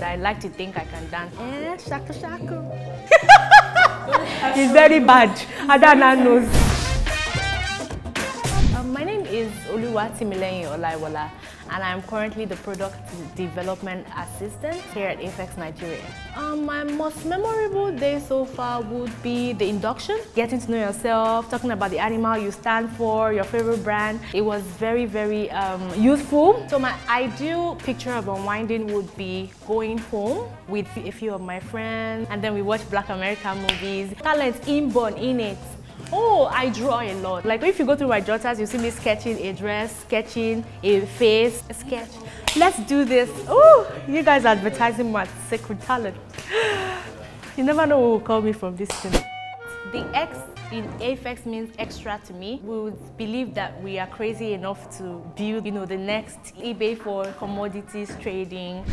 I like to think I can dance. Eh, shaka shaka. it's very bad. Adana knows is Oluwatimileyin Olaiwola and I'm currently the Product Development Assistant here at Apex Nigeria. Um, my most memorable day so far would be the induction, getting to know yourself, talking about the animal you stand for, your favorite brand. It was very, very um, useful. So my ideal picture of unwinding would be going home with a few of my friends and then we watch Black American movies. Talent inborn, innate. Oh, I draw a lot. Like if you go through my jotters, you see me sketching a dress, sketching a face, a sketch. Let's do this. Oh, you guys are advertising my secret talent. You never know who will call me from this thing. The X in Apex means extra to me. We would believe that we are crazy enough to build, you know, the next eBay for commodities trading.